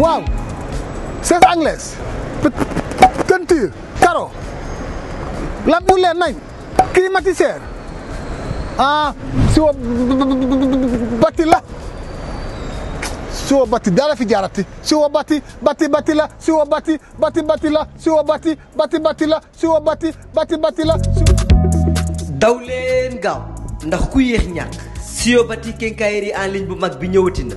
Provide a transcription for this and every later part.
waaw chaise anglaise peinture carreau lam bu leen nañ climatiseur ah siwo bati la siwo bati dara fi jaarati siwo bati bati bati la siwo bati bati bati la siwo bati bati bati la siwo bati bati bati la daw leen gaaw ndax ku yéex ñàkk siwo bati kenkaayeri en ligne bu mag bi ñëwati na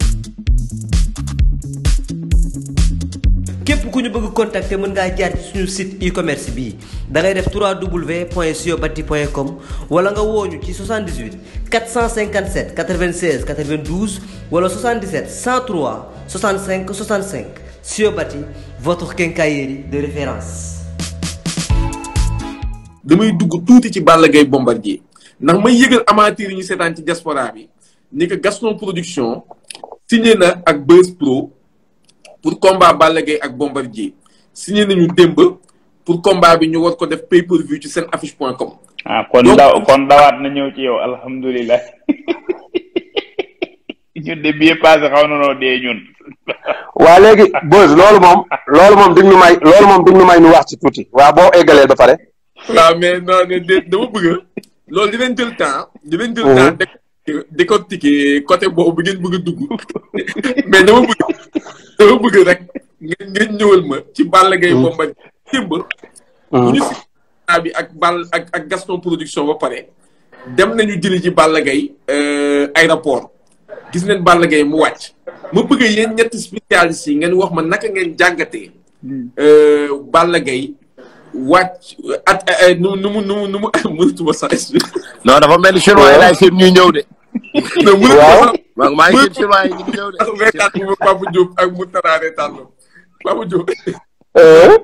képp ku ñu bëgg contacter mën ngaa jaar ci suñu site e-commerce bii da ngay def www.siobati.com wala nga wooñu ci 78 457 96 92 wala 77 103 65 65 Siobati votre quincaillerie de référence. damay dugg tuuti ci Balla Gaye Bombardier ndax may yëgal amateur yi ñu seetaan ci diaspora bi ni que Gaston Production signé na ak Buzz Pro. pour combat Balla Gaye ak Bombardier signé nañu démb pour combat bi ñu war ko def pay per view ci seen affiche point com. ah kon daw kon dawaat na ñëw ci yow alhamdulilah. ñun de bii passé xaw na noo dee ñun. waa léegi Boz loolu moom. loolu moom duñ ñu may loolu moom duñ ñu may ñu wax ci tuuti. waa boo eggalee ba pare. waaw mais non dama bëgg loolu dinañ jël temps. dinañ jël temps mhm. décortiquer côté boobu bi ngeen bëgg a dugg mais dama bëgg. ngeen ñëwal ma ci Balla Gaye hmm. Bombardier démb hmm. bu ñu si bi ak Balla ak ak Gaston production ba pare dem nañu jëli ci Balla Gaye euh, aéroport gis ngeen Balla Gaye mu wàcc ma bëgg yéen ñetti spécialistes yi ngeen wax ma naka ngeen jàngate hmm. euh, Balla Gaye wàcc at euh, nu nu mu nu mu nu mu mënatuma sax non dafa mel ni chinois yi laay seen ñuy ñëw de waaw maa ngi seen chinois yi ñu ngi ñëw Papa Diop eh?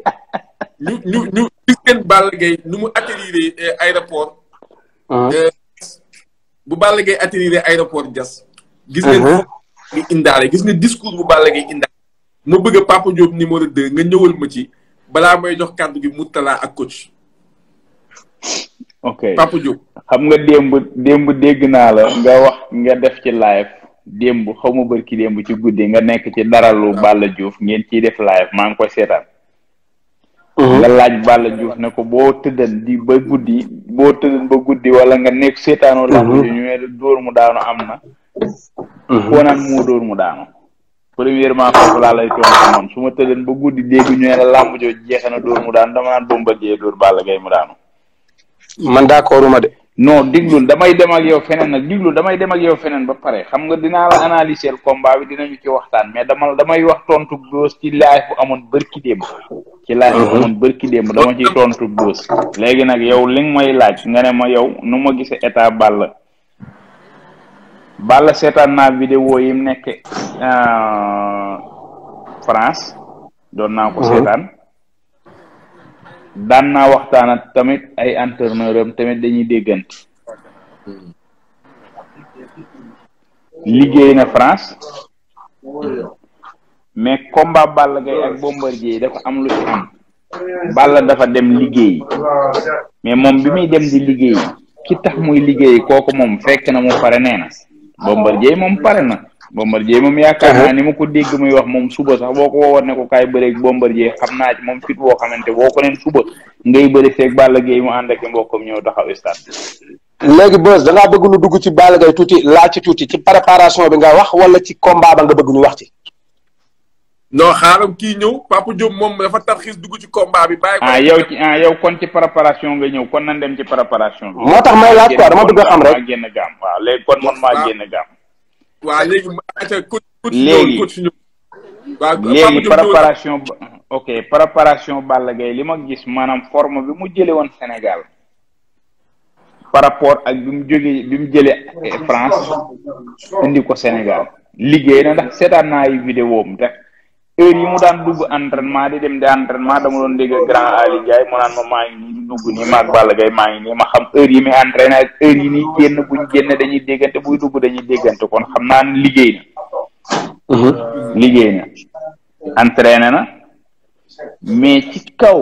ñu ñu ñu gis ngeen Balla Gaye nu mu atterrir aéroport ah. eh, bu Balla Gaye atterrir aéroport Diass gis ngeen nga uh-huh. indaale gis nga discours bu Balla Gaye indaale ma bëgg a Papa Diop numéro deux nga ñëwal ma ci balaa may jox kàddu gi Mourtala ak coach ok Papa xam nga démb démb dégg naa la nga wax nga def ci live démb xaw ma bër ki démb ci guddi nga nekk ci daralu Balla juuf ngeen ci def live maa ngi koy seetaan mhm. nga laaj bala Diouf ne ko boo tëddan di ba guddi boo tëddan ba guddi wala nga nekk seetaanoo lamb mhm. ji ñu ne mu daanu am na mhm. koo naan moo dóor mu daanu premièrement foofu laa lay tontu noonu su ma tëddan ba guddi dégg ñu ne la làmb jooju jeexe na dóor mu daanu dama naan bomba jee dóor Balla Gaye mu daanu man d'accorduma de non diglul damay demal ak yow feneen nag diglul damay demal ak yow feneen ba pare xam nga dinaa la analyser combat bi dinañu ci waxtaan mais dama damay wax tontu góos ci live ku amoon bërki démb ci live bu amoon bërki démb dama ciy tontu góos léegi nag yow li nga may laaj nga ne ma yow nu ma gisee état Balla Balla seetaan naa vidéo yi mu nekk euh, France doon naa ko mhm. seetaan daan naa waxtaan ak tamit ay entraîneur am tamit dañuy déggante liggéey na France mais combat Balla Gaye ak Bombardier dafa am lu ci am Balla dafa dem liggéey mais moom bi muy dem di liggéey ki tax muy liggéey kooku moom fekk na mu pare nee na Bombardier moom pare na Bombardier moom yaakaar naa uh-huh. ni ma ko dégg muy wax moom suba sax boo ko woowoon ne ko kaay bëreeg Bombardier xam naa ci moom fit boo xamante boo ko neen suba ngay bëri feeg Balla Gaye mu ànd ak mbokkam ñëw taxaw stade. léegi Beuz da ngaa bëgg nu dugg ci bala gay tuuti laa ci tuuti ci préparation bi nga wax wala ci combat ba nga bëgg ñu wax ci. non xaaral kii ñëw Papa Diop moom dafa tarxiis dugg ci combat bi. bàyyi ko ah yow ci ah yow kon ci préparation nga ñëw kon nan dem ci préparation. moo tax may laaj quoi dama xam rek. waaw léegi kon man maa génn gaam waa léegi léegi léegi préparation ok préparation Balla Gaye li ma gis maanaam forma bi mu jële woon Sénégal par rapport ak bi mu jógee bi mu jëlee eh, France indi ko Sénégal liggéey na ndax seetaan naa ay vidéo rek heure yi mu daan dugg entraînement di dem di entraînement dama doon dégg grand Ali Ndiaye mu naan ma maa ngi nii dugg nii maag Balla Gaye maa ma xam heure yi muy entraîné ak heure yi ni génn buñ génn dañuy déggante buy dugg dañuy déggante kon xam naan liggéey na mhm. liggéey na entraîné na mais ci kaw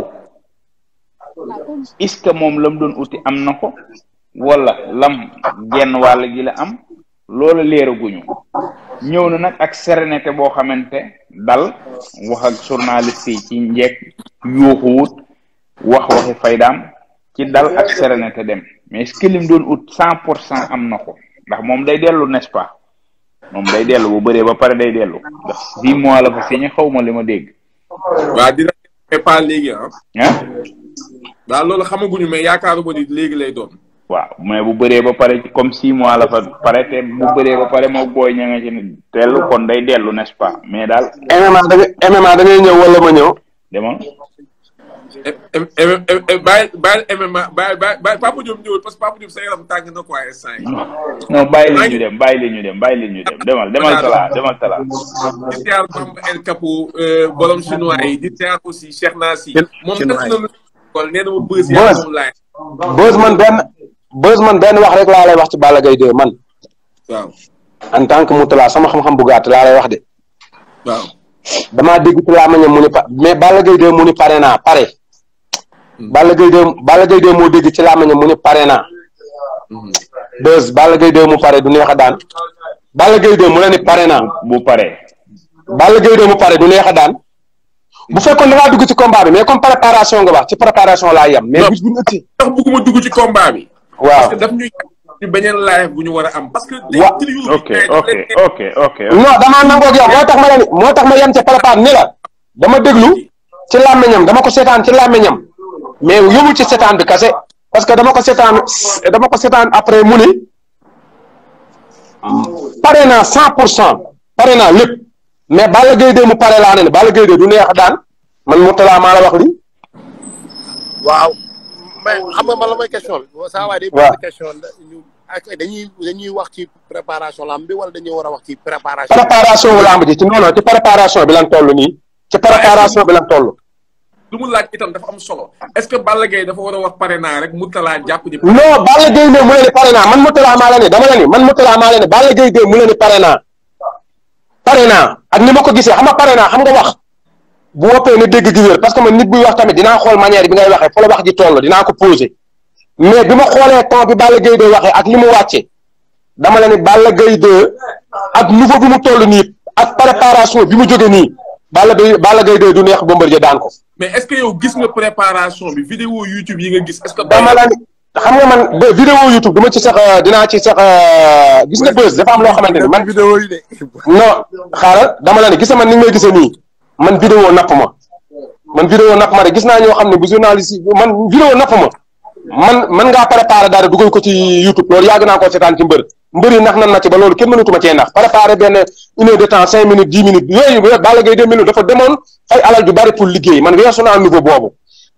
est que moom lam doon uti am na ko wala lam genn wàll gi am loolu leeraguñu ñëw na nag ak sérénité boo xamante dal wax ak journaliste yi ci njekk yuuxuwut wax waxi faydaam ci dal ak sérénité dem mais est-ce que doon ut cent pour cent am na ko ndax moom day dellu n'est-ce pas moom day dellu bu bëree ba pare day dellu ndax dix mois la fa signé xaw ma li ma dégg. waaw dina pas léegi ah. daal loolu xamaguñu mais yaakaaru ba ni léegi lay doon. waaw mais bu bëree ba pare comme six mois la fa pare te bu bëree ba pare moo booy ña nga ci tellu kon day dellu n'est-ce pas mais daal. a da nga MMA da ngay ñëw walla ma ñëw. demoon. bàyyi bàyyi MMA bàyyi bàyyi Papa Diop ñëwul parce que Papa Diop sa yaram tàng na quoi instant yi. non bàyyi leen ñu dem bàyyi leen ñu dem bàyyi leen ñu dem demal demal Talla demal Talla. di ziar Bamba El Capo borom chinois yi di aussi Cheikh Nassi. moom def na lu xool nee na ma man benn. bës man benn wax rek laa lay wax ci Balla Gaye 2 man. waaw en tant que Moutala sama xam-xam bu gàtt laa lay wax de. waaw damaa dégg ci laa ma ñam mu ni pa mais Balla Gaye 2 mu ni pare naa pare. Hmm. Balla Gaye 2 Balla Gaye 2 moo dégg ci laa ma mu ni pare naa. Hmm. bës Balla Gaye 2 mu pare du neex a daan. Balla Gaye 2 mu la ne pare naa. bu pare. Balla Gaye 2 mu pare du neex a daan. bu fekkoon da ngaa dugg ci combat bi mais comme préparation nga wax ci préparation laa yem. mais bis bu ñu ëttee. dugg ci combat bi. waaw parce beneen live bu ñu war a am. parce que ok ok ok ok. non damaa nangoog yow moo tax ma leen moo tax ma yem ca prépa ni la dama déglu ci làmmiñam dama ko seetaan ci làmmiñam mais yóbbu ci seetaan bi kase parce que dama ko seetaan dama ko seetaan après mu ni pare naa cent pour cent pare naa lépp mais Balla Gaye de mu pare laa ne Balla Gaye du neex daan man Mourtala maa la wax li waaw. mais xam nga man la mooy question bi. waaw saa waay day posé question ñu wax ci préparation lamb bi wala dañuy war a wax ci préparation. préparation wu ji ci non ci préparation bi lan toll nii. ci préparation bi lan toll. lu mu laaj itam dafa am solo. est-ce que Balla Gaye dafa war a wax pare naa rek Mourtalla jàpp ni. non Balla Gaye ne mu ne man Mourtalla maa la ne dama la ni man Mourtalla maa la ne Balla Gaye de mu ne ni pare naa. pare naa ak ni ma ko gisee xam nga pare naa xam nga wax. bu woppee ne dégg gi wér parce que man nit buy wax tamit dinaa xool manière bi ngay waxee fa la wax ji toll dinaa ko posé mais bi ma xoolee temps bi Balla Gaye 2 waxee ak li mu wàccee dama la ne Balla Gaye ak niveau bi mu toll nii ak préparation bi mu jóge nii Balla Gaye Balla Gaye 2 du neex Bombardier daan ko. mais est-ce que yow gis nga préparation bi vidéo YouTube yi nga gis. est-ce que dama la ne xam nga man de vidéo YouTube du ma ci sax euh, dinaa ci sax euh, gis nga bës dafa loo xamante ne man. vidéo yi de non dama la gis man ni ngay gisee nii. man vidéo napp ma man vidéo napp ma rek gis naa ñoo xam ne bu journaliste man vidéo napp ma man man ngaa préparé dara dugal ko ci YouTube loolu yàgg naa ko seetaan ci mbër mbër yi nax nan na ci ba loolu kenn mënatuma cee nax préparé benn une heure de temps cinq minutes dix minutes yooyu Balla Gaye deux minutes dafa demoon fay alal ju bari pour liggéey man weesu naa niveau boobu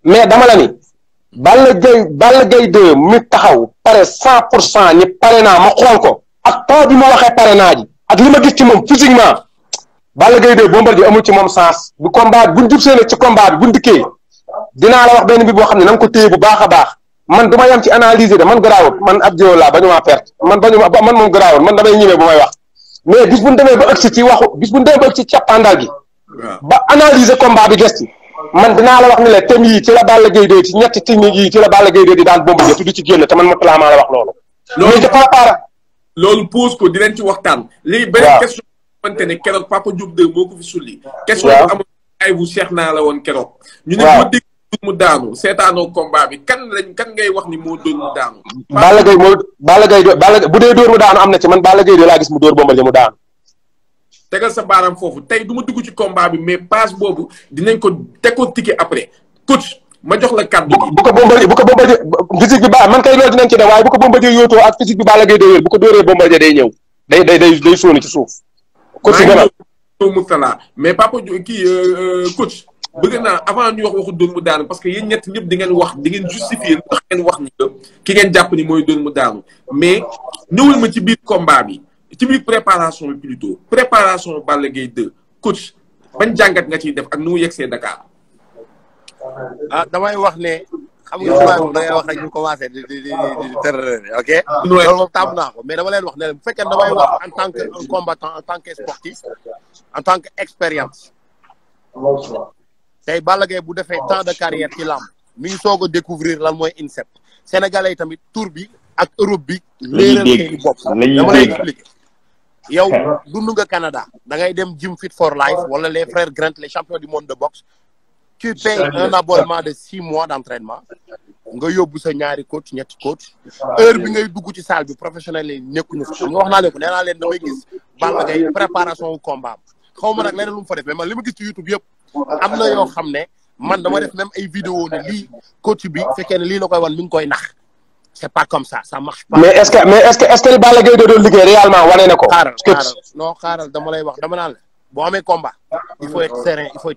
mais dama la ni Balla Gaye Balla gay deux mi taxaw pare cent pour cent ñi pare naa ma xool ko ak temps bi ma waxee pare naa ak li ma gis ci moom physiquement Balla Gaye 2 Bombardier ci moom sens bu combat bu jubsee nag ci combat bi bu ñu dinaa la wax benn bi boo xam ne na ko téye bu baax a baax man du ma yam ci analyser de man garaawul man ab jiw laa ba ëgg si ci waxu bis bu ñu demee ba ëgg si càppaandaal gi. ba analyser combat bi gëstu. man dinaa la wax ne la thème yii ci la Balla Gaye 2 ci ñetti technique yii ci la Balla Gaye 2 di daan Bombardier tuddu ci génn te man ma clairement la wax loolu. loolu ci waxtaan. xamante ne keroog Papa Diop de moo ko fi sulli. waaw question bu ay bu Cheikh naa la woon keroog. ñu ne bu dégg mu daanu seetaanoo combat bi kan lañ kan ngay wax ni moo dóor mu daanu. Balla Gaye moo Balla Gaye do Balla bu dee door mu daanu am na ci man baala Gaye de laa gis mu dóor Bombardier mu daanu. tegal sa baaraam foofu tey du ma dugg ci combat bi mais passe boobu dinañ ko te ko tike après coach ma jox la kàddu gi. bu ko Bombardier bu ko Bombardier physique bi baax man kay loolu dinañ ci dem waaye bu ko Bombardier yóotoo ak physique day wér bu day ñëw day day day ci suuf. coach Gallas Mourtala mais kii euh, euh, coach bëgg naa avant ñu wax waxu dóor mu daanu parce que yéen ñett ñëpp di ngeen wax di ngeen justifier lu tax ngeen wax ni ki ngeen jàpp ni mooy dóor mu daanu mais ñëwul ma ci biir combat bi ci biir préparation bi plutôt préparation Balla Gaye 2 coach bañ jàngat nga ciy def ak nu mu yegsee Dakar. ah damay wax ne. xam nga souvent da ngay wax na ñu commencé di di di ah. ah. mais dama leen wax ne bu fekkeen damay wax en tant que combattant en tant que sportif en tant que expérience. tey Balla Gaye bu defee temps de carrière ci làmb mi ngi soog a découvrir lan mooy INSEP sénégalais yi tamit tour bi ak Europe bi. léeral seeni bopp dama lay expliquer. yow dund Canada da ngay dem gym fit for life wala les frères Grant les champions du monde de boxe tu payes un abonnement de six mois d'entraînement nga yóbbu sa ñaari coach ñetti coach heure bi ngay dugg ci salle bi professionnel yi nekkuñu fa nga wax naa leen ko nee naa leen damay gis Balla Gaye préparation wu combat xaw ma nag leneen lu mu fa def mais li ma gis ci YouTube yëpp am na yoo xam ne man dama def même ay vidéo ne lii coach bi fekkee ne lii la koy wan mi ngi koy nax c'est pas comme ça ça marche pas. mais est-ce que mais est-ce liggéey réellement wane na ko. xaaral xaaral non dama lay wax dama naan boo amee combat il faut être serein il faut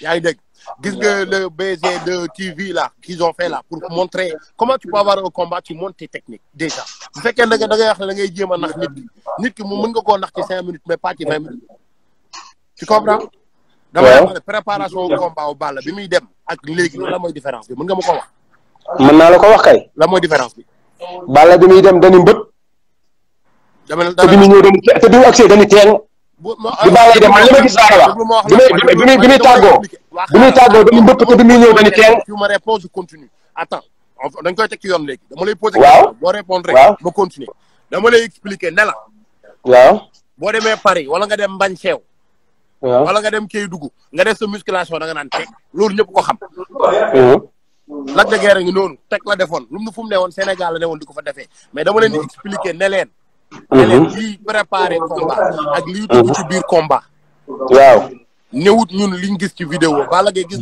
yaa ngi dégg gis nga le BG de TV là qu'ils ont fait là pour montrer comment tu peux avoir un combat tu montes tes techniques déjà bu fekkee da nga da ngay a nax nit ki nit ki mu mën nga koo nax ci cinq minutes mais pas ci vingt minutes tu comprends dama ne préparation combat wu Balla bi muy dem ak léegi la mooy différence bi mën nga ma ko wax mën naa la ko wax kay la mooy différence bi Balla bi muy dem dañu mbët dama te bi muy te bi mu accès dañu teeng di Balla Gaye man li ma gis laa la wax bi muy bi muy bi muy tàggoo bi muy tàggoo dañu ko bi muy ñëw dañu kenn. ma réponse continue attends dañ koy teg ci yoon léegi. dama lay poser question boo répondre rek ma continuer dama lay expliquer ne la. waaw boo demee Paris wala nga dem Mbañceew. waaw wala nga dem key Kédougou nga def sa musculation da nga naan teg loolu ñëpp ko xam. Mhm. Lac de Guiers ngi noonu teg la defoon lu ne woon Sénégal la ne woon di ko fa defee mais dama leen di mhm. ne leen. ne leen liy préparé combat ak liy dugg ci biir combat. waaw. ñun liñ gis ci vidéo Balla Gaye gis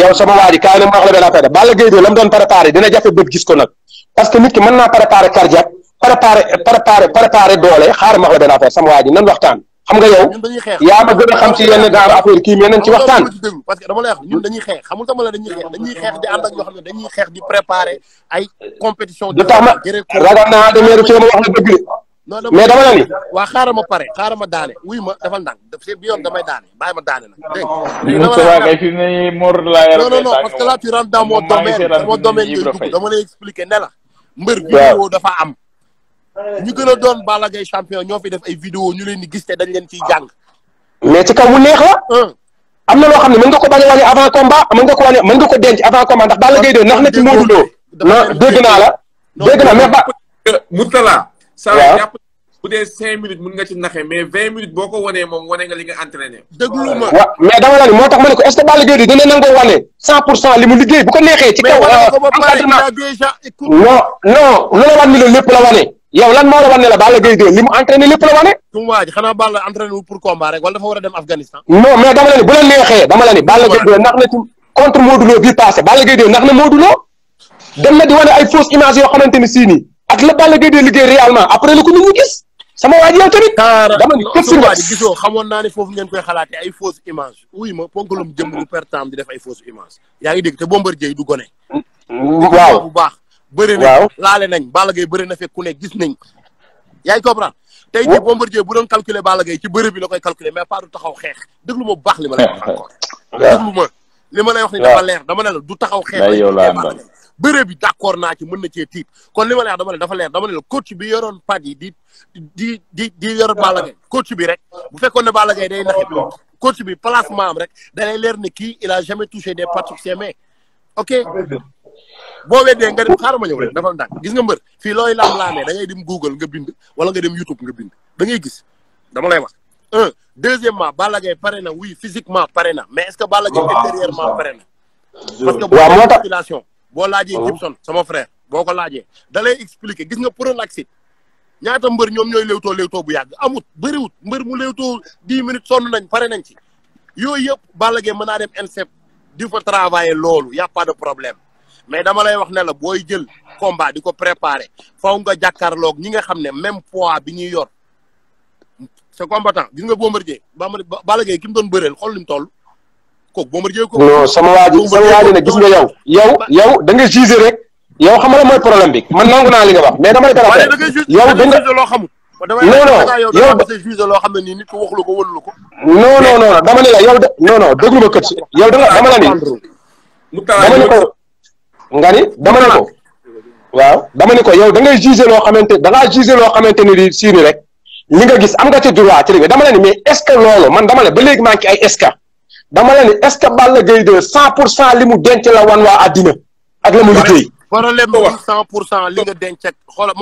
yow sama waa ji kaay na ma wax la benn de la mu doon préparé dina jafe bët gis ko nag parce que nit ki mën naa préparé cardiaque préparé préparé préparé doole xaar ma wax la sama waa ji nan waxtaan xam nga yow yaa ma gën a xam ci yenn genre affaire kii mais ci waxtaan. parce que dama lay wax ñun dañuy xeex xamul sama la dañuy xeex dañuy xeex di ànd ak ne dañuy xeex di préparer ay compétition. du tax ma ragal naa de meeru ma wax la dëgg mais dama la ni. waa xaaral ma pare xaaral ma daane wuy ma dafa ndànk bi yoon damay daane bàyyi ma daane la fi ne parce que là tu rentres dans mon domaine dama lay expliquer ne mbër woo dafa am ñu gën a doon Balla Gaye champion ñoo fi def ay vidéo ñu leen di gis te dañ leen ciy jàng. mais ci kaw bu neex la. am na loo xam ne mën nga ko bañ a wane avant combat mën ko wane mën nga ko denc avant combat ndax Balla Gaye doon naa la dégg naa mais ba. Moutala. saa mais vingt minutes boo ko wanee moom wane nga li dama la moo tax ma ne ko est ce que Balla Gaye dina nangoo wane cent pour cent li mu liggéey bu ko neexee. ci kaw euh, encadrement non wan ni la lépp la wane. yow lan maa la wan ne la Balla Gaye 2 li mu entraîné lépp la wane. ma waaj xanaa Balla entraîné wu pour combat rek wala dafa war a dem Afghanistan. non mais dama la bu la neexee dama la ni. Balla Gaye 2 nax na ci contre Modou Lo bii passé Balla Gaye 2 nax na Modou Lo. di wane ay fausse image yoo xamante ni sii nii ak la Balla Gaye 2 liggéey réellement après la ko nit gis sama waaj yow dama ni képp si nga gisoo xamoon naa ne foofu ngeen koy xalaatee ay fausse image wuy def ay fausse image yaa ngi dégg te Bombardier du gone. waaw bu baax bëri nañ laale nañ Balla Gaye bëri na fekk ku ne gis nañ yaa ngi comprendre tey jii Bombardier bu doon calculer Balla Gaye ci bëri bi la koy calculer mais pas taxaw xeex déglu ma bu baax li ma lay li ma lay wax ni dafa leer dama ne la du taxaw xeex la bëre bi d'accord naa ci mën na cee tiit kon li ma leer dama ne dafa leer dama ne la coach bi yoroon pad yi di di di di yor Balla Gaye coach bi rek bu fekkoon ne Balla Gaye day naxe coach bi placement am rek da leer ne kii il a jamais touché des parties de ses mains ok ah, boo weddee nga dem xaaral ma ñëw rek dafa ndànk gis nga mbër fi looy laam-laamee da ngay dem Google nga bind wala nga dem YouTube nga bind da ngay gis dama lay wax un deuxièmement Balla Gaye pare na oui physiquement pare na mais est que Balla Gaye intérieurement pare na parce que boo population boo laajee oh. Gibson sama frère boo ko laajee dalay lay expliquer gis nga pronaxit ñaata mbër ñoom ñooy léewtoo léewtoo bu yàgg amut bëriwut mbër mu léewtoo dix minutes sonn nañ pare nañ ci yooyu yëpp Balla Gaye mën naa dem INSEP di fa travailler loolu y a problème mais dama lay wax ne la booy jël combat di ko préparer faw nga jàkkaarloog ñi nga xam ne même poids bi ñuy yor sa combattant gis nga Bombardier Balla Gaye ki mu doon bëreel xool li mu toll kooku Bombardier ko non sama waa ji sama waa ji ne gis nga yow yow yow da nga juger rek yow xam la mooy problème bi man nangu naa li nga wax mais dama lay traité yow da nga loo xamul non non yow non non dama ne la yow non non déglu ma kët yow da nga dama la ni dama ne ko nga ni dama ne ko waaw dama ne ko yow da ngay juger loo xamante da ngaa juger loo xamante ni di sii rek li nga gis am nga ci droit ci li dama ne ni mais est loolu man dama ne ba léegi maa ngi ay est ce que dama ne ni est ce que Balla cent pour cent li mu denc la wan waa àddina ak mu liggéey. moo tax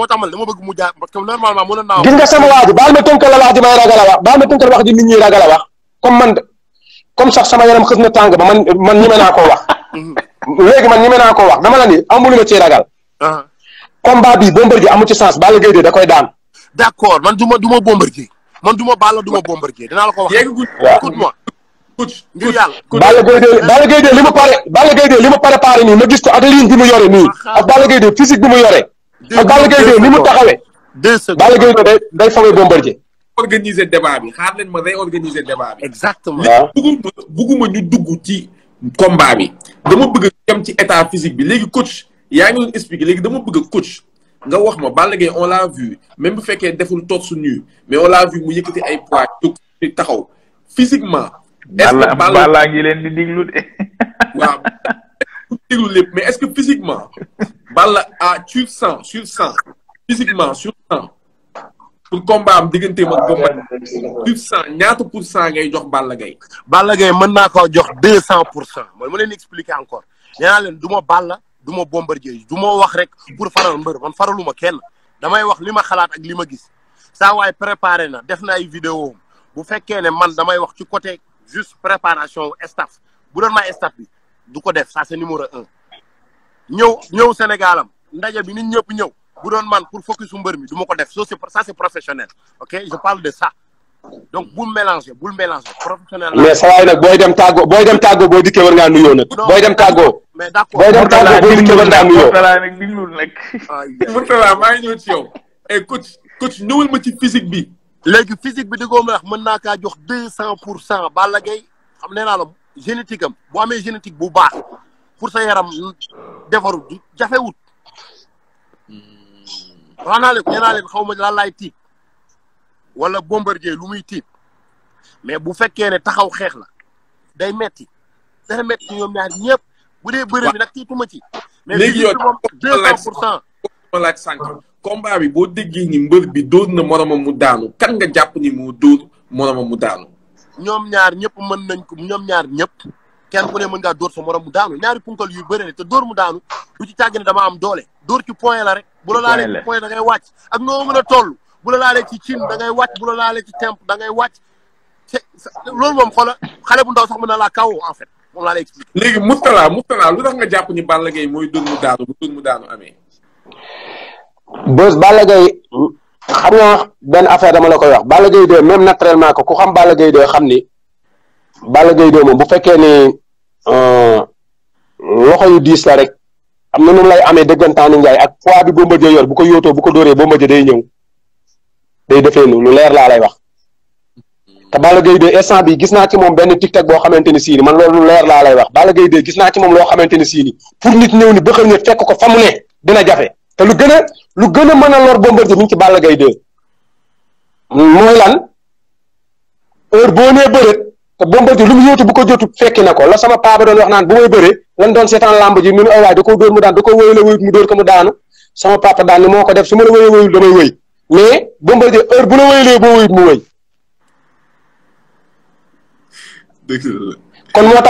man dama mu jaar parce que normalement mën naa. gis nga sama waa ji baal ma tënkal la wax ji may ragal a wax baal ma tënkal wax ji nit ragal a wax comme man comme sax sama yaram xës na tàng ba man man ñeme naa koo wax. léegi man ñi mën naa ko wax dama la ni amul ma ci ragal. Ah. combat bi Bombardier amu ci sens Balla Gaye de da koy daan. d' man du ma du ma Bombardier man du ma Balla du ma Bombardier dinaa la ko wax. écoute moi. ngir yàlla. Balla Gaye de li mu pare Balla Gaye de li mu préparé nii ma gis ko ak ligne bi mu yore nii ah, ak Balla Gaye de physique bi mu yore. ak Balla Gaye de ni mu taxawee. deux secondes Balla Gaye de day day fawee Bombardier. organiser ma réorganiser débat bi. exactement bugguma bugguma ñu ci. combat bi dama bëgg dem ci état physique bi léegi coach yaa ngi leen expliqué léegi dama bëgg coach nga wax ma Balla Gaye on l'a vu même bu fekkee deful toog su nu mais on l'a vu mu yëkkati ay poids jóg taxaw physiquement. est-ce que Balla ngi leen di diglu de. waaw lépp mais est-ce que physiquement Balla à sur cent sur cent physiquement sur cent. pour combat am digganteem ak combat ah, pour cent ñaata pour cent ngay jox Balla Gaye. Balla Gaye mën naa ko jox deux cent pour cent mooy ma leen expliquer encore nee leen du ma Balla duma ma Bombardier du ma wax rek pour faral mbër man faraluma kenn damay wax li ma xalaat ak li ma gis saa waay préparé na def na ay vidéo bu fekkee ne man damay wax ci côté juste préparation staff bu doon may staff bi du ko def ça c'est numéro un ñëw ñëw Sénégalam ndaje bi nit ñëpp ñëw. bu doon man pour focus su mbër mi du ma ko def so c'est ça c'est professionnel ok je parle de ça donc bul mélanger bul mélanger professionnel. mais saa waay nag booy dem tàggoo booy dem tàggoo boo dikkee war ngaa nuyoo nag. booy dem tàggoo. mais d'accord booy dem tàggoo boo dikkee war ngaa nuyoo. Mourtala maa ngi ñëw ci yow. et eh, coach coach ñëwal ma ci physique bi. léegi physique bi di ko wax mën naa kaa jox deux cent pour cent Balla Gaye xam nee naa la génétique am bu amee génétique bu baax pour sa yaram defaru jafewut. Hmm. wax naa leen nee naa leen xaw ma lan laay wala bombardier lu muy tiit mais bu fekkee ne taxaw xeex la day metti dana metti ci ñoom ñaar ñëpp bu dee bëre bi nag tiituma ci. léegi yow moom deux cent pour cent. ma sànq combat bi boo déggee ni mbër bi dóor na moromam mu daanu kan nga jàpp ni moo dóor moromam mu daanu. ñoom ñaar ñëpp mën nañ ko ñoom ñaar ñëpp. kenn ku ne mën ngaa dóor sa morom mu daanu ñaari punkal yu bëri ne te dóor mu daanu du ci càgg ne dama am doole dóor ci point la rek bu la laalee ci point da ngay wàcc ak noo mën a toll bu la laalee ci cin da ngay wàcc bu la laalee ci temp da ngay wàcc loolu moom xoola xale bu ndaw sax mën na laa kaw en fait moom léegi Mourtalla Mourtalla lu tax nga jàpp ni Balla Gaye mooy dóor mu daanu bu dóor mu daanu amee bés Balla Gaye xam nga benn affaire dama la koy wax Balla Gaye de même naturellement ko ku xam Balla Gaye xam ni Balla Gaye doomu bu fekkee ne euh, loxo yu diis la rek am na nu lay amee dëggantaanu njaay ak poids bi Bombardier yor bu ko yóotoo bu ko dóoree Bombardier day ñëw day defee nu lu leer laa lay wax te Balla Gaye de instant bi gis naa ci moom benn tiktak boo xamante ni sii man loolu lu leer laa lay wax Balla Gaye de gis naa ci moom loo xamante ni sii pour nit ñëw ni bëxër ña fekk ko fa mu ne dina jafe te lu gën lu gën a mën a lor Bombardier mi ngi ci Balla Gaye de mooy lan boo nee te Bombardier lu mu yóotu bu ko jotu fekki na ko la sama papa doon wax naan bu may bëree lan doon seetaan làmb ji mu ne oh, waaye da koo dóor mu daanu sama papa daan moo ko def su ma la wéyee wéyul damay wéy mais Bombardier bu la wéyalee boo wéyut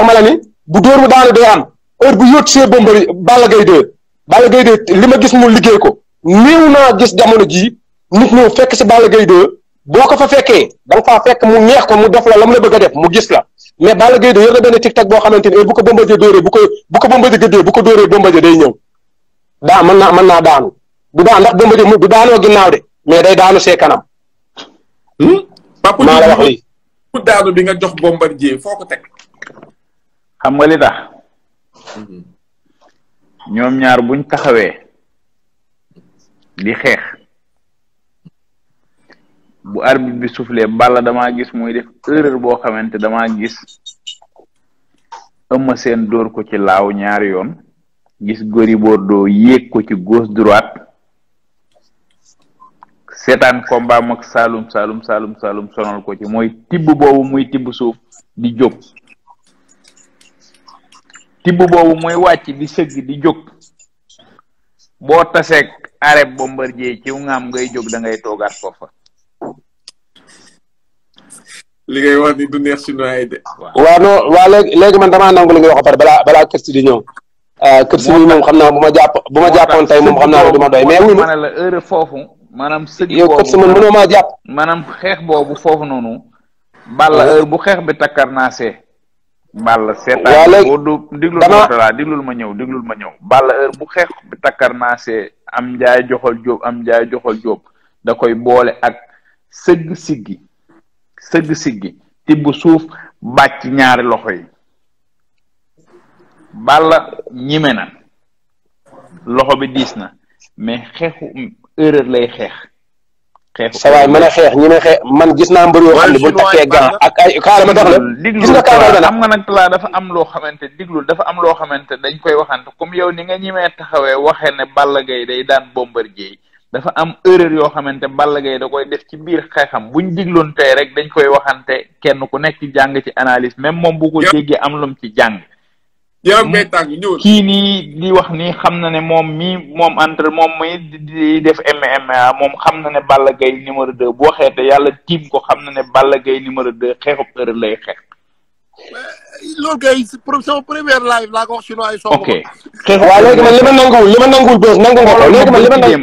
ma la ni bu dóor mu daanu day am heure bu yóot see Bombardier bala Gaye 2 Balla Gaye 2 li ma gis mu liggéey ko néew naa gis jamono jii nit ñëw fekk si Balla Gaye boo ko fa fekkee da nga fekk mu neex ko mu def la la mu la bëgg a def mu gis la mais Balla Gaye de yor na benn tic tac boo xamante ni eh, bu ko Bombardier dóoree bu ko bu ko Bombardier gëddee bu ko dóoree Bombardier day ñëw daa man naa man naa daanu du daan ndax Bombardier du daanoo ginnaaw de mais day daanu see kanam. Hmm? maa la wax lii ku daanu bi nga jox Bombardier foo ko teg. xam nga li hmm. ñoom ñaar buñ taxawee di xeex. bu arbitre bi soufflé bala damaa gis muy def erreur boo xamante dama gis Eumeu Sène dóor ko ci laaw ñaari yoon gis Gris Bordeaux yéeg ko ci gauche droite seetaan combat mag saalum saalum saalum saalum ko ci mooy tibb boobu muy tibb suuf di jóg tibb boobu muy wàcc di sëgg di jóg boo taseeg mbër bombardier ci ngam ngay jóg da ngay toogaat foofa li ngay wax ni du waaw non waaw léegi man damaa nangu li ngay wax ba pare balaa balaa kër di ñëw. Euh, kër si moom xam naa bu ma jàpp bu ma jàppoon tey moom xam naa ne du ma doy mais wuy ma la foofu. maanaam sëñ yow kër si man jàpp. maanaam xeex boobu foofu noonu. Balla heure bu xeex bi takkar naa see. Balla seetaan waaw léegi diglul ma diglul ma ñëw diglul ma ñëw. Balla heure bu xeex bi takkar naa am njaay joxal jóob am njaay joxal jóob da koy boole ak sëgg siggi sëgg siggi tibb suuf bàcc ñaari loxo yi Balla ñime na loxo bi diis na mais xeexu erreur lay xeex. xeexu sa waay a xeex ñi may xeex man gis naa mbër yoo xam ne bu takkee gant ak ay xaaral ma dox la. gis nga kaaral am nga nag laa dafa am loo xamante diglu dafa am loo xamante dañ koy waxante comme yow ni nga ñimee taxawee waxee ne Balla Gaye day daan Bombardier dafa am erreur yoo xamante Balla Gaye da koy def ci biir xeexam buñ digloon tey rek dañ koy waxante kenn ku nekk ci jàng ci analyse même moom bu ko déggee am lum ci jàng mm. kii nii di wax nii xam na ne moom mii moom entre moom muy di def MMA moom xam na ne Balla Gaye numéro deux boo xeete yàlla tiim ko xam na ne Balla Gaye numéro deux xeexub erreur lay xeex Eh, loolu kay sama première live laa ko wax chinois yi. ok waaw léegi man li ma nanguwul li ma nanguwul bës nangu nga léegi man li ma nangu.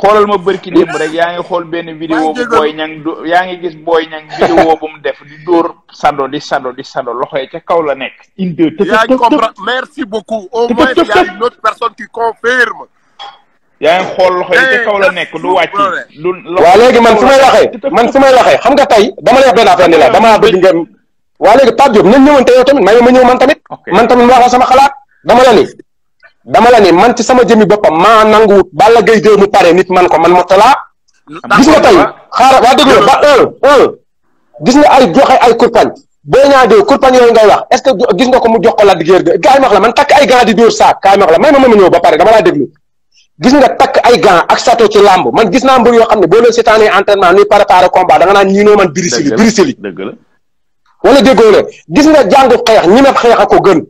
xoolal ma bërki démb rek yaa ngi xool benn vidéo bu booy ñang du yaa ngi gis booy ñang vidéo bu mu def di dóor sando di sando di sando loxo yi ca kaw la nekk. une deux te yaa ngi comprendre merci beaucoup a une autre loxo yi ca eh, la nekk du wàcc. du waaw léegi man su may waxee man su may waxee xam nga tey dama lay wax benn affaire ni la dama bëgg ngeen. waa léegi Pape Diop nañ ñëwante yow tamit may ma ñëw man tamit. man tamit wax la sama xalaat dama la ni. dama la ni man ci sama jëmmi boppam maa nanguwut Balla Gaye 2 mu pare nit man ko man Mourtalla. ko man ma wax laa gis nga takk ay gants ak sato ci làmb man gis naa mbër yoo xam ne boo leen seetaanee entraînement nuy préparé combat da nga naan ñii noo man birisili birisili wala déggoo la gis nga jàngu xeex ñime xeex a ko gën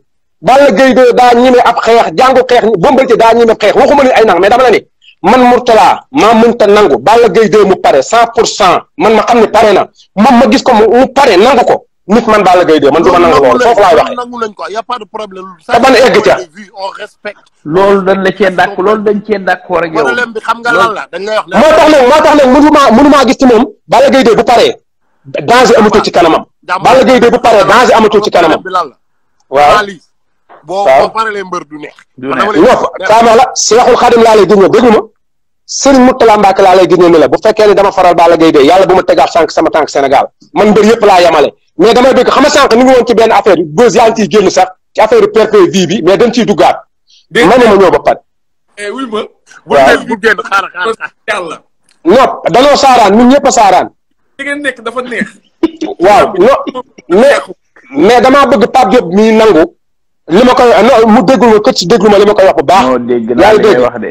Balla Gaye daa ñime ab xeex jàngu xeex Bombardier daa ñime xeex waxuma ni ay nang mais dama la ni man Mourtala maa mënta nangu Balla Gaye de mu pare cent pour cent man ma xam ne pare na moom ma gis ko mu pare nangu ko nit man Balla Gaye de man du ma nangu loolu foofu laay waxee te ban egg ca loolu dañ la cee dàkk loolu dañ cee dàkkoor ak yow moo tax nag moo tax nag mënu maa mënu maa gis ci moom Balla Gaye de bu paree danger amatul ci kanamam. Balla Gaye de bu paree danger amatul ci kanamam. waaw boo boo paralee mbër du neex. du neex kaama la Seexul Xadim laa lay gis nga déggu ma Serigne Moutala Mbacke laa lay gis ne bu fekkee ne dama faral Balla Gaye de yàlla bu ma tegaat sànq sama tànk Sénégal man mbër laa yemale mais damay dégg xam nga sànq ni ngi woon benn affaire bës yaa ngi ciy génn sax ci affaire bi mais dañ ciy duggaat. dégg nga ma ñëw ba pare. eh wuy ma. waaw bu dee bu génn xaaral xaaral. yàlla. non danoo saaraan ñun ñëpp saaraan li ngeen nekk dafa neex. waaw non mais mais damaa bëgg Pape Diop mi nangu. li ma koy no mu déglu ko ci déglu li ma koy wax bu baax. yaa ngi dégg wax de.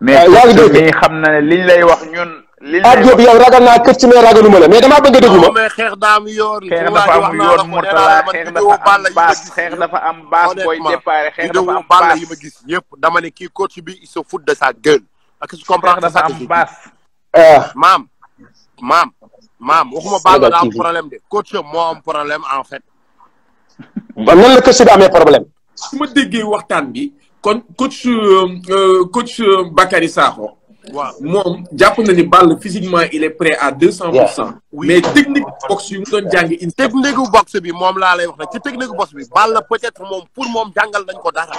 mais mi xam na ne liñ lay wax ñun. liñ lay wax Pape Diop yow ragal naa kër ci mais ragalu ma la mais damaa bëgg a déglu ma. mais xeex daam am yoon. xeex dafa am yoon Mourtala xeex dafa am baas xeex dafa am baas booy déparé xeex dafa am baas yi ma gis yëpp dama kii coach bi il se de sa gueule. ak su comprendre dafa am ah. maam maam maam waxuma Balla daa am problème de coach moo am problème en fait. ba nan la coach bi problème. su ma déggee waxtaan bi kon coach euh, euh, coach euh, Bakary Sakho. waaw moom jàpp na ni Balla physiquement il est prêt à deux cent pour cent. mais technique boxe yu mu doon jàng in. technique boxe bi moom laa lay wax nag ci technique boxe bi Balla peut-être moom pour moom jàngal nañ ko dara.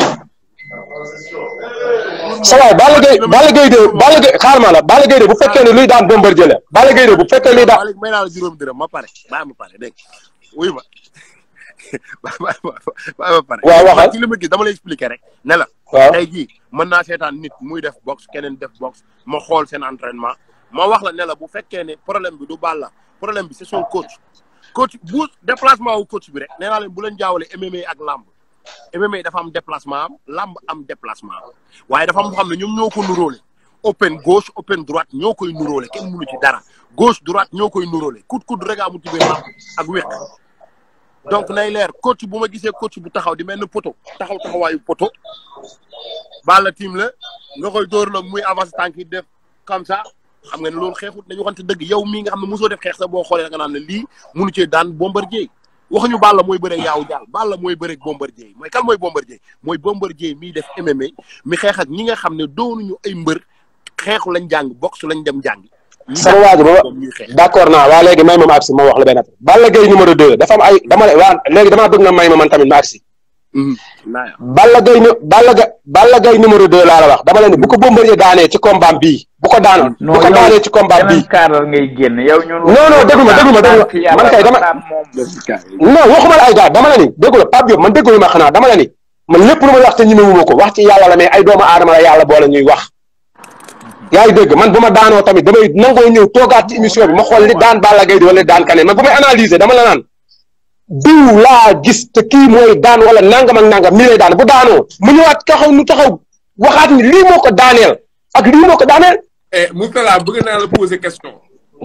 sa waay Balla Gaye Balla de la Balla Gaye bu fekkee ne luy daan Bombardier la Balla Gaye de bu fekkee luy daan. may naa la juróom dërëm ma pare baa ma pare dégg wuy ma baa ma pare. waaw waxal ci ma gis dama la expliquer rek ne la. waaw mën naa seetaan nit muy def box keneen def box ma xool seen entraînement ma wax la ne la bu fekkee ne problème bi du Balla problème bi c'est son coach coach bu déplacement wu coach bi rek nee naa leen bu leen jaawale MMA ak lamb. MMA dafa am déplacement am làmb am déplacement am waaye dafa am xam ne ñoom ñoo ko nuróole open gauche open droite ñoo koy nuróole ken mënu ci dara gauche droite ñoo koy nuróole kut kut rek a mu tibbee làmb ak wéq donc nay leer coach bu ma gisee coach bu taxaw di mel ni poto taxaw taxawaayu poto balla tiim la nga koy dor la muy avancé tànk def comme ça xam nga ne loolu xeexut nañu waxante dëgg yow mii nga xam ne mosoo def xeex sax boo xoolee nga naan ne lii munu cee daan bombardier waxuñu Balla mooy bëre yaaw jaal Balla mooy bëre Bombardier mooy kan mooy Bombardier mooy Bombardier mi def MMA mi xeex ñi nga xam ne doonuñu ay mbër xeexu lañ jàng box lañ dem jàngi. sama waa ji ba d'accord naa waa léegi may ma ma agsi wax la benn at. Balla Gaye numéro 2 dafa am ay dama lay waa léegi damaa bëgg na may ma man tamit ma agsi Balla Gaye nu Balla Gaye Balla Gaye numéro deux laa la wax dama la ni bu ko Bombardier daanee ci combat bii bu ko daanoon bu ko daanee ci combat bii non non déglu ma ma déglu man kay dama non waxuma la ay gars dama la ni déglu la Pape Diop man déglu ma xanaa dama la ni man lépp lu may wax te ñemewuma ko wax ci yàlla la mais ay doomu aadama la yàlla boole ñuy wax yaa ngi dégg man bu ma daanoo tamit damay nangoo ñëw toogaat ci émission bi ma xool li daan Balla Gaye di wala daan Kane man bu la naan diw laa gis te kii mooy daan wala nangam ak nangam mii lay daan bu daanoo mu ñëwaat taxaw nu taxaw waxaat ni lii moo ko daaneel ak lii moo ko daaneel. Eh, Mourtala bëgg naa la poser question.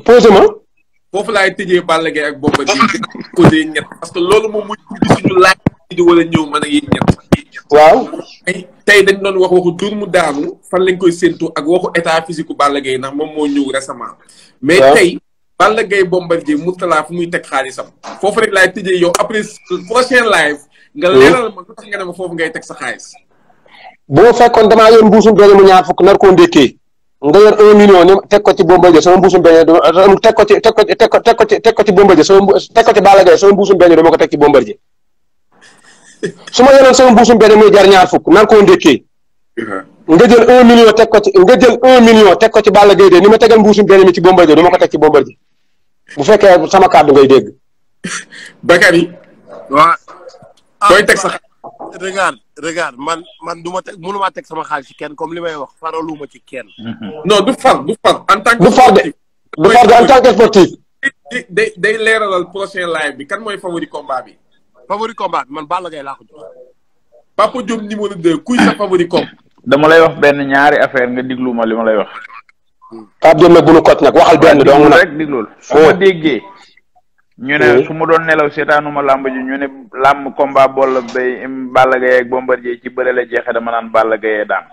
posé ma. foofu laay tëjee Balla Gaye ak Bomba ji posé ñett parce que loolu moom mooy ubbi suñu laaj di wala ñëw mën a yéen ñett. waaw. tey dañ doon wax waxu tur mu daanu fan lañ koy séntu ak waxu état physique bu Balla Gaye ndax moom moo ñëw récemment. mais tey. Balla Gaye Bombardier Mourtala fu muy teg xaalisam foofu rek laay tëjee yow après prochain live nga leeral ma lu tax nga ne ma foofu ngay teg sa xaalis bu ma fekkoon damaa yor mbuusum beñe mu ñaar fukk nar koo ndékkee nga yor un ko ci Bombardier sama mbuusum beñe teg ko ci teg ko ci teg ko teg ko ci teg ko ci Bombardier sama teg ko ci Balla Gaye sama mbuusum beñe dama ko teg ci fukk nar koo ndékkee uh-huh. nga jël un million teg ko ci nga jël ko Balla Gaye de ni ma tegal mbuusum beñe mi ci Bombardier dama ko teg ci Bombardier bu fekkee sama kàddu ngay dégg. bi waaw. koy ah, teg sa regarde regarde man man du ma teg mënu teg sama xaalis ci kenn comme li may wax faralu ma ci kenn. Mm-hmm. non du far du far en tant que. du far de du far de en tant que sportif. day day leeralal prochain live bi kan mooy favori combat bi. favori combat bi man baa Gaye laa ko jox. Papa Diop numéro 2 kuy sa favori combat. dama lay wax benn ñaari affaire nga diglu li ma lay wax. Pape Diop nag bu nu kocc nag waxal benn dong nag rek diglul su ma déggee ñu ne su ma doon nelaw seetaanuma làmb ji ñu ne làmb combat bool bay Balla Gaye ak Bombardier ci bëre la jeexe dama naan Balla Gaye daan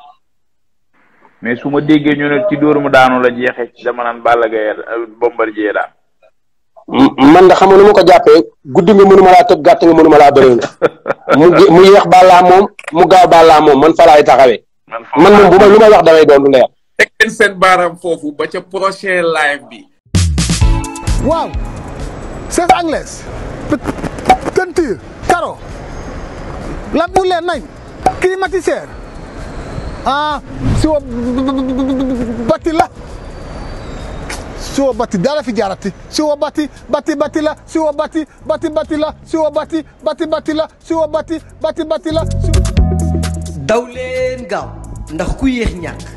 mais su ma déggee ñu ne ci dóor mu daanu la jeexe dama naan Balla Gaye Bombardier daan man da xam nu ma ko jàppee guddi nga mënuma laa tëb gàtt nga mënuma laa bëri nga mu mu yéex Balla moom mu gaaw Balla moom man fa taxawee man moom bu ma lu may wax damay doon lu teg leen seen baaraam foofu ba ca prochain live bi. waaw. c'est anglaise. ceinture. carreau. lam yu leen nañ. climatiseur. ah siwo bati la. siwo bati dara fi jaarati. siwo bati bati bati bati bati bati la siwo bati bati bati la siwo bati bati bati la. daw gaaw ndax ku yéex ñàkk.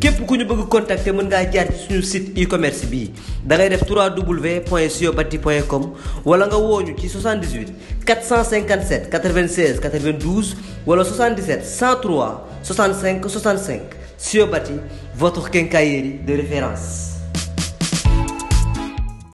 képp ku ñu bëgg contacter mën ngaa jaar ci suñu site e-commerce bii da ngay def 3w point siobati point com wala nga wooñu ci 78 457 96 92 wala 77 103 65 65 siobati votre quincaillerie de référence